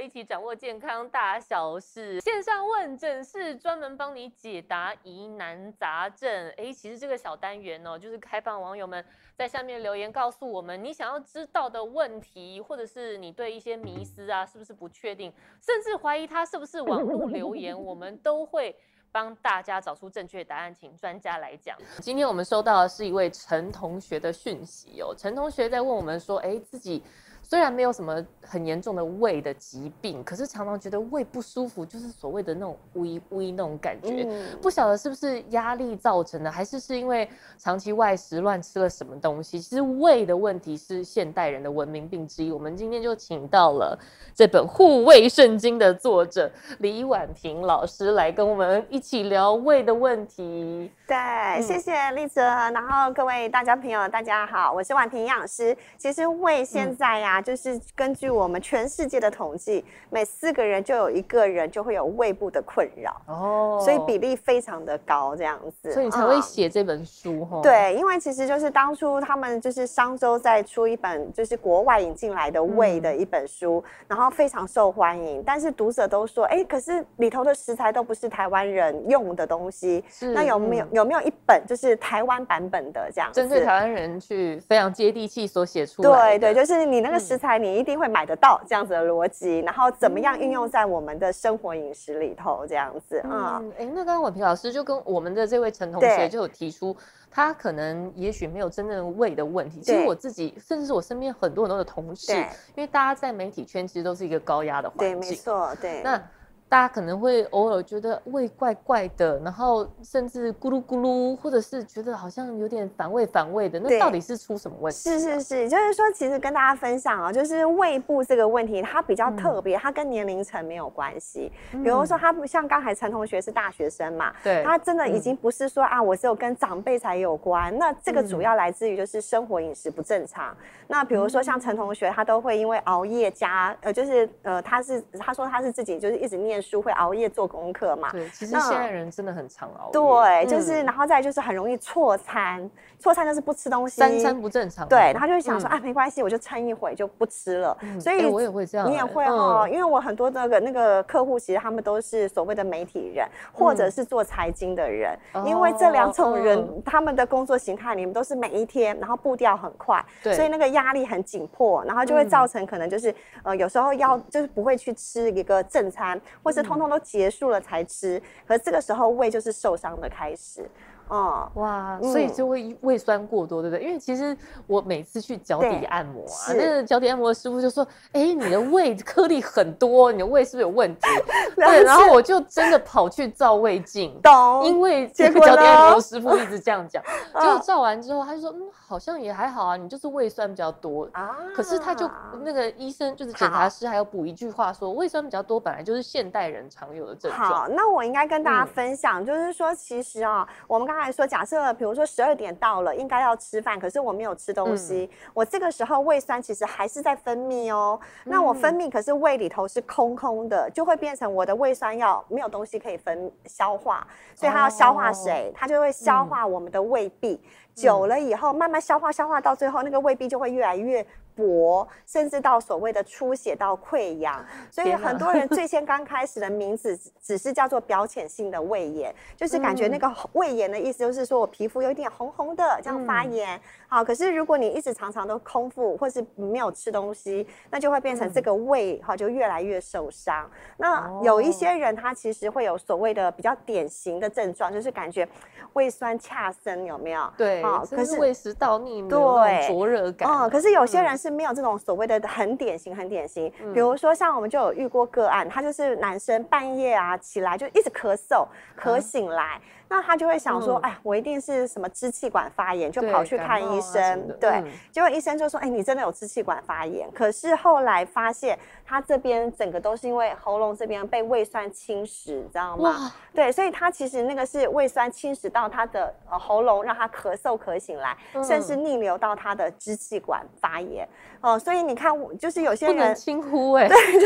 一起掌握健康大小事，線上問診是專門幫你解答疑難雜症。誒，其實這個小單元哦，就是開放網友們在下面留言，告訴我們你想要知道的問題，或者是你對一些迷思啊，是不是不確定，甚至懷疑它是不是網絡留言， 我們都會幫大家找出正確答案，請專家來講。今天我們收到的是一位陳同學的訊息哦，陳同學在問我們說，哎，自己。雖然沒有什麼很嚴重的胃的疾病，可是常常覺得胃不舒服，就是所謂的那種胃胃那種感覺，嗯、不曉得是不是壓力造成的，還是是因為長期外食亂吃了什麼東西。其實胃的問題是現代人的文明病之一。我們今天就請到了這本《護胃聖經》的作者李婉萍老師來跟我們一起聊胃的問題。對，嗯、謝謝立喆，然後各位大家朋友，大家好，我是婉萍營養師。其實胃現在呀、啊。嗯就是根據我們全世界的統計，每四個人就有一個人就會有胃部的困擾哦，所以比例非常的高這樣子，所以你才會寫這本書哈、嗯。對，因為其實就是當初他們就是商周在出一本就是國外引進來的胃的一本書、嗯，然後非常受歡迎，但是讀者都說，哎、欸，可是裡頭的食材都不是台灣人用的東西，是、嗯、那有沒有有沒有一本就是台灣版本的這樣子，針對台灣人去非常接地氣所寫出的。對對，就是你那個食材。嗯食材你一定會買得到這樣子的邏輯，然後怎麼樣運用在我們的生活飲食裡頭這樣子啊？哎、嗯嗯，那剛剛婉萍老師就跟我們的這位陳同學就有提出，他可能也許沒有真正胃的問題。其實我自己，甚至是我身邊很多很多的同事，因為大家在媒體圈其實都是一個高壓的環境，對，沒錯，對。那大家可能會偶爾覺得胃怪怪的，然後甚至咕嚕咕嚕，或者是覺得好像有點反胃反胃的，那到底是出什麼問題？啊？是是是，就是說，其實跟大家分享啊、哦，就是胃部這個問題，它比較特別，嗯，它跟年齡層沒有關係，嗯。比如說，他不像剛才陳同學是大學生嘛，對，他真的已經不是說啊，我只有跟長輩才有關，嗯。那這個主要來自於就是生活飲食不正常，嗯。那比如說像陳同學，他都會因為熬夜加，嗯、呃，就是呃，他是他說他是自己就是一直念。書會熬夜做功課嘛？對，其實現在人真的很常熬夜對、嗯，就是然後再就是很容易錯餐，錯餐就是不吃東西，三餐不正常。對，然後就會想說、嗯、啊，沒關係，我就撐一會就不吃了。嗯、所以、欸、我也會這樣，你也會哈、嗯哦？因為我很多那個那個客戶，其實他們都是所謂的媒體人，嗯、或者是做財經的人，嗯、因為這兩種人、哦嗯、他們的工作形態，你們都是每一天，然後步調很快對，所以那個壓力很緊迫，然後就會造成可能就是、嗯、呃有時候要、嗯、就是不會去吃一個正餐或。就是通通都結束了才吃，可是這個時候胃就是受傷的開始。哦哇，所以就會胃酸過多，對不對？因為其實我每次去腳底按摩、啊，那個腳底按摩的師傅就說：“哎、欸，你的胃顆粒很多，你的胃是不是有問題？” 對，然後我就真的跑去照胃鏡， 懂？因為這個腳底按摩師傅一直這樣講，結果， 結果照完之後，他就說：“嗯，好像也還好啊，你就是胃酸比較多啊。”可是他就那個醫生就是檢查師還要補一句話說：“胃酸比較多本來就是現代人常有的症狀。”好，那我應該跟大家分享，嗯、就是說其實啊、哦，我們剛。說假設比如說十二點到了應該要吃飯，可是我沒有吃東西、嗯，我這個時候胃酸其實還是在分泌哦、嗯。那我分泌可是胃裡頭是空空的，就會變成我的胃酸要沒有東西可以分消化，所以它要消化誰、哦，它就會消化我們的胃壁。嗯、久了以後，慢慢消化消化到最後，那個胃壁就會越來越。薄，甚至到所謂的出血到潰瘍，所以很多人最先剛開始的名字只，只是叫做表淺性的胃炎，就是感覺那個胃炎的意思就是說我皮膚有一點紅紅的這樣發炎。嗯、好，可是如果你一直常常都空腹或是沒有吃東西，那就會變成這個胃哈、嗯、就越來越受傷。嗯、那有一些人他其實會有所謂的比較典型的症狀，就是感覺胃酸恰生有沒有？對，啊、哦，可是，是，是胃食道逆、啊、對灼熱感。嗯，可是有些人是。沒有這種所謂的很典型，很典型。比如說，像我們就有遇過個案，嗯、他就是男生半夜啊起來就一直咳嗽，咳醒來，啊、那他就會想說、嗯：“哎，我一定是什麼支氣管發炎，就跑去看醫生。對啊嗯”對，結果醫生就說：“哎，你真的有支氣管發炎。”可是後來發現。他這邊整個都是因為喉嚨這邊被胃酸侵蝕，知道嗎？對，所以他其實那個是胃酸侵蝕到他的、呃、喉嚨，讓他咳嗽咳醒來、嗯，甚至逆流到他的支氣管發炎哦、呃。所以你看，就是有些人不能輕忽哎、欸，對，就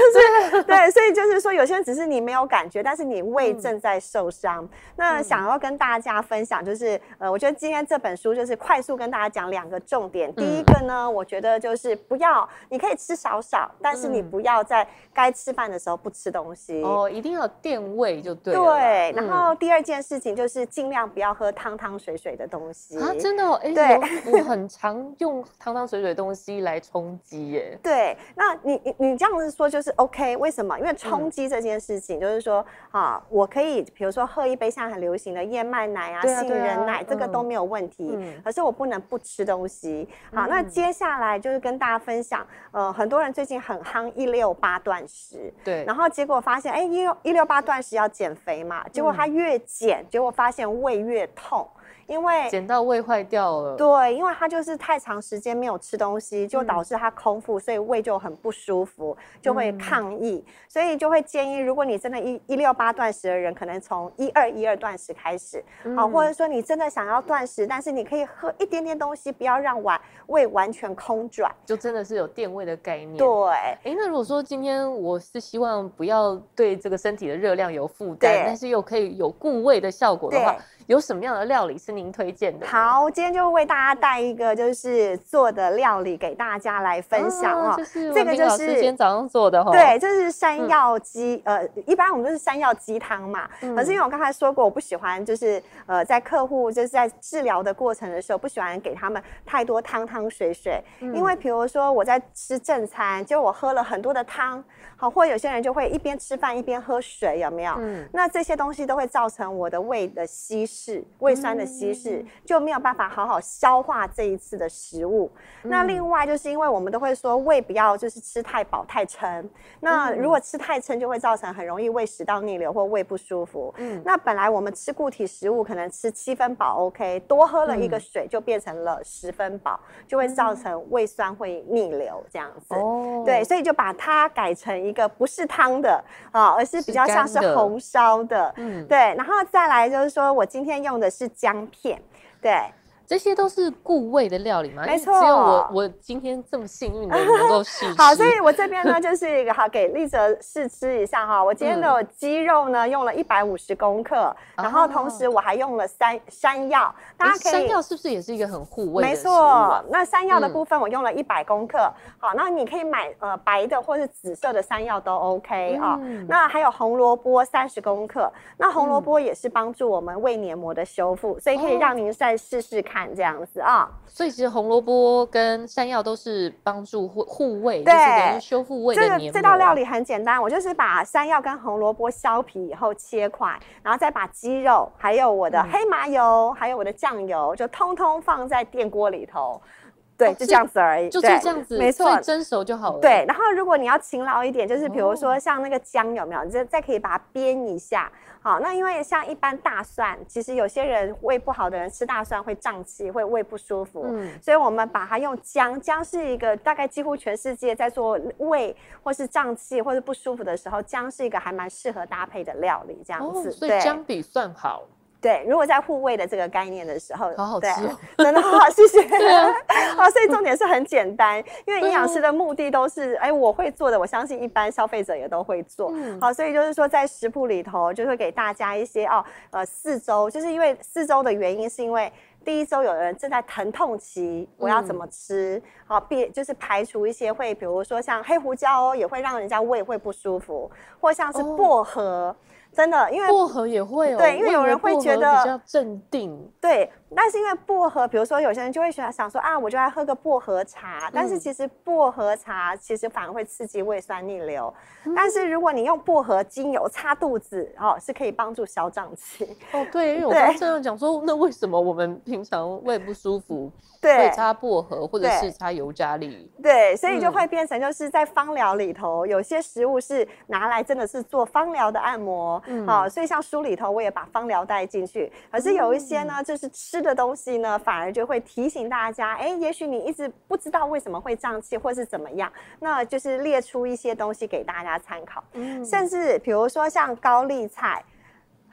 是 對，所以就是說有些人只是你沒有感覺，但是你胃正在受傷、嗯。那想要跟大家分享，就是呃，我覺得今天這本書就是快速跟大家講兩個重點、嗯。第一個呢，我覺得就是不要，你可以吃少少，但是你不要、嗯。要在該吃飯的時候不吃東西哦，一定要墊胃就對。對、嗯，然後第二件事情就是盡量不要喝湯湯水水的東西啊，真的、哦，對，欸、 我很常用湯湯水水的東西來充飢耶。對，那你你你這樣子說就是 OK？為什麼？因為充飢這件事情就是說、嗯、啊，我可以比如說喝一杯現在很流行的燕麥奶啊、啊啊杏仁奶、嗯，這個都沒有問題、嗯。可是我不能不吃東西。好、嗯，那接下來就是跟大家分享，呃，很多人最近很夯一六。六八斷食，對，然後結果發現，哎，一六一六八斷食要減肥嘛，結果他越減，結果發現胃越痛。嗯因為減到胃壞掉了。對，因為他就是太長時間沒有吃東西，就導致他空腹，嗯、所以胃就很不舒服，就會抗議、嗯。所以就會建議，如果你真的一一六八斷食的人，可能從一二一二斷食開始好、嗯，或者說你真的想要斷食，但是你可以喝一點點東西，不要讓碗胃完全空轉，就真的是有墊胃的概念。對。誒，那如果說今天我是希望不要對這個身體的熱量有負擔，但是又可以有固胃的效果的話，有什麼樣的料理是您推薦的？好，今天就為大家帶一個就是做的料理給大家來分享哦。啊就是、哦這個就是今天早上做的對，這、就是山藥雞、嗯。呃，一般我們都是山藥雞湯嘛、嗯。可是因為我剛才說過，我不喜歡就是呃在客戶就是在治療的過程的時候，不喜歡給他們太多湯湯水水。嗯、因為比如說我在吃正餐，就我喝了很多的湯，好，或者有些人就會一邊吃飯一邊喝水，有沒有？嗯。那這些東西都會造成我的胃的吸收。是胃酸的稀釋、嗯、就沒有辦法好好消化這一次的食物，嗯。那另外就是因為我們都會說胃不要就是吃太飽太撐。那如果吃太撐，就會造成很容易胃食道逆流或胃不舒服。嗯。那本來我們吃固體食物可能吃七分飽 OK，多喝了一個水就變成了十分飽，嗯，就會造成胃酸會逆流這樣子。哦。對，所以就把它改成一個不是湯的啊，呃，而是比較像是紅燒的。嗯。對，然後再來就是說我今天今天用的是薑片，對。這些都是固胃的料理嗎？沒錯，只有我我今天這麼幸運能夠試吃好，所以我這邊呢就是一個 好給立喆試吃一下哈。我今天的雞肉呢用了一百五十公克、嗯，然後同時我還用了山、哦、山藥，大家可以。欸、山藥是不是也是一個很護胃？沒錯，那山藥的部分我用了一百公克、嗯。好，那你可以買呃白的或是紫色的山藥都 OK 啊、嗯哦。那還有紅蘿蔔三十公克，嗯、那紅蘿蔔也是幫助我們胃黏膜的修復、嗯，所以可以讓您再試試看。哦這樣子啊、哦，所以其實紅蘿蔔跟山藥都是幫助護胃，對就是、的，修復胃。這個這道料理很簡單，我就是把山藥跟紅蘿蔔削皮以後切塊，然後再把雞肉、還有我的黑麻油、嗯、還有我的醬油，就通通放在電鍋裡頭。對，就這樣子而已，就是、這樣子，沒錯，蒸熟就好了。對，然後如果你要勤勞一點，就是比如說像那個薑有沒有？哦、你再再可以把它煸一下。好，那因為像一般大蒜，其實有些人胃不好的人吃大蒜會脹氣，會胃不舒服。嗯，所以我們把它用薑，薑是一個大概幾乎全世界在做胃或是脹氣或者不舒服的時候，薑是一個還蠻適合搭配的料理，這樣子。哦、所以薑比蒜好。對，如果在護胃的這個概念的時候，好好吃真、哦、的好好謝謝，所以重點是很簡單，因為營養師的目的都是，哎、欸，我會做的，我相信一般消費者也都會做。好、嗯哦，所以就是說在食譜裡頭，就會給大家一些哦，呃，四周，就是因為四周的原因，是因為第一周有人正在疼痛期，嗯、我要怎麼吃？好、哦，必就是排除一些會，比如說像黑胡椒哦，也會讓人家胃會不舒服，或像是薄荷。哦嗯真的，因為薄荷也會、哦、對，因為有人會覺得比較鎮定。對，但是因為薄荷，比如說有些人就會想說啊，我就愛喝個薄荷茶、嗯。但是其實薄荷茶其實反而會刺激胃酸逆流。嗯、但是如果你用薄荷精油擦肚子哦，是可以幫助消脹氣。哦，對，因為我剛剛這樣講說，那為什麼我們平常胃不舒服，會擦薄荷或者是擦尤加利？對，所以就會變成就是在芳療裡頭、嗯，有些食物是拿來真的是做芳療的按摩。啊、嗯哦，所以像書裡頭，我也把方療帶進去。可是有一些呢、嗯，就是吃的東西呢，反而就會提醒大家，哎、欸，也許你一直不知道為什麼會脹氣，或是怎麼樣，那就是列出一些東西給大家參考、嗯。甚至比如說像高麗菜，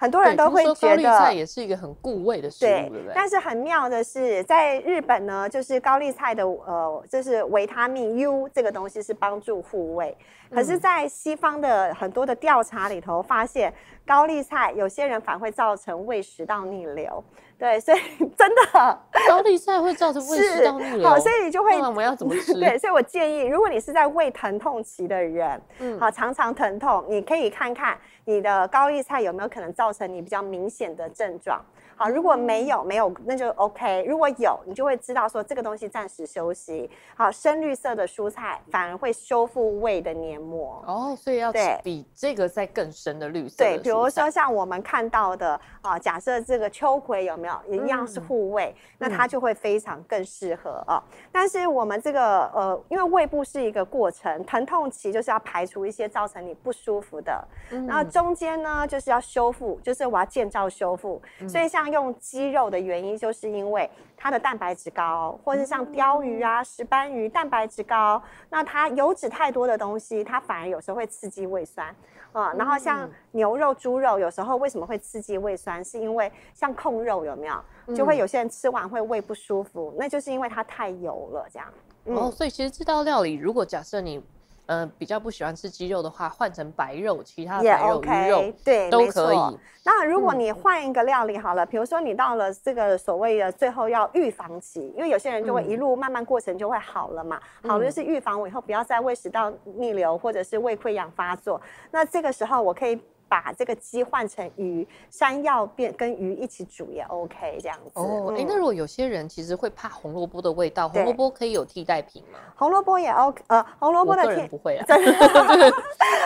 很多人都會覺得高麗菜也是一個很顧胃的食物對，對,對。但是很妙的是，在日本呢，就是高麗菜的呃，就是維他命 U 這個東西是幫助護胃、嗯。可是，在西方的很多的調查裡頭，發現高麗菜有些人反而會造成胃食道逆流。對，所以真的高麗菜會造成胃食道逆流，好，所以你就會。那我們要怎麼吃？對，所以我建議，如果你是在胃疼痛期的人，嗯，好，常常疼痛，你可以看看你的高麗菜有沒有可能造成你比較明顯的症狀。啊，如果沒有沒有，那就 OK。如果有，你就會知道說這個東西暫時休息。好、啊，深綠色的蔬菜反而會修復胃的黏膜哦，所以要對，比這個再更深的綠色的蔬菜對。對，比如說像我們看到的啊，假設這個秋葵有沒有一樣是護胃、嗯，那它就會非常更適合啊、嗯。但是我們這個呃，因為胃部是一個過程，疼痛期就是要排除一些造成你不舒服的，那、嗯、中間呢就是要修復，就是我要建造修復、嗯，所以像。用雞肉的原因，就是因為它的蛋白質高，或是像鯛魚啊、嗯、石斑魚，蛋白質高。那它油脂太多的東西，它反而有時候會刺激胃酸啊、嗯。然後像牛肉、嗯、豬肉，有時候為什麼會刺激胃酸？是因為像控肉有沒有，就會有些人吃完會胃不舒服，嗯、那就是因為它太油了這樣、嗯。哦，所以其實這道料理，如果假設你。呃，比較不喜歡吃雞肉的話，換成白肉，其他的白肉、yeah, okay, 魚肉，對，都可以。那如果你換一個料理好了、嗯，比如說你到了這個所謂的最後要預防期，因為有些人就會一路慢慢過程就會好了嘛。嗯、好了就是預防我以後不要再胃食道逆流或者是胃潰瘍發作、嗯。那這個時候我可以。把這個雞換成魚，山藥變跟魚一起煮也 OK，這樣子。哎、oh, 欸，那、嗯、如果有些人其實會怕紅蘿蔔的味道，紅蘿蔔可以有替代品嗎？紅蘿蔔也 OK，呃，紅蘿蔔的甜不會啊真的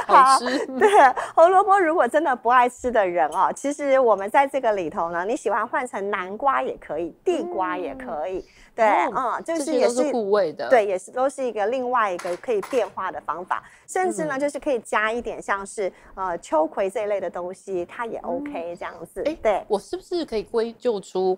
好。好吃。對，紅蘿蔔如果真的不愛吃的人哦，其實我們在這個裡頭呢，你喜歡換成南瓜也可以，地瓜也可以。嗯、對、哦，嗯，就是也是護胃的。對，也是都是一個另外一個可以變化的方法，甚至呢，嗯、就是可以加一點像是呃秋葵。這類的東西它也 OK 這樣子，哎、嗯，對，我是不是可以歸就出，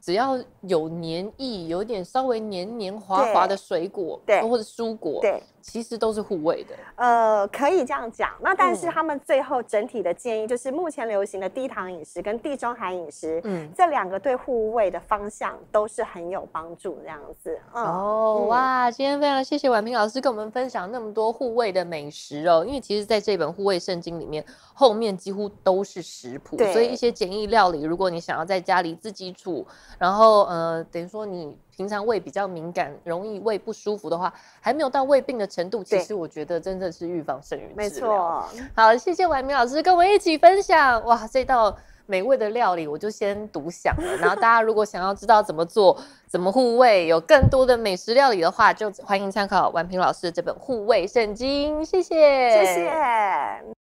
只要有黏液，有點稍微黏黏滑滑的水果，對，或者蔬果，對。對其實都是護胃的，呃，可以這樣講。那但是他們最後整體的建議就是，目前流行的低糖飲食跟地中海飲食，嗯，這兩個對護胃的方向都是很有幫助。這樣子，嗯、哦哇、嗯，今天非常謝謝婉萍老師跟我們分享那麼多護胃的美食哦。因為其實在這本護胃聖經裡面，後面幾乎都是食譜，所以一些簡易料理，如果你想要在家裡自己煮，然後呃，等於說你。平常胃比較敏感，容易胃不舒服的話，還沒有到胃病的程度，其實我覺得真的是預防勝於治療。沒錯。好，謝謝婉萍老師跟我一起分享。哇，這道美味的料理我就先獨享了。 然後大家如果想要知道怎麼做、怎麼護胃，有更多的美食料理的話，就歡迎參考婉萍老師的這本《護胃聖經》。謝謝，謝謝。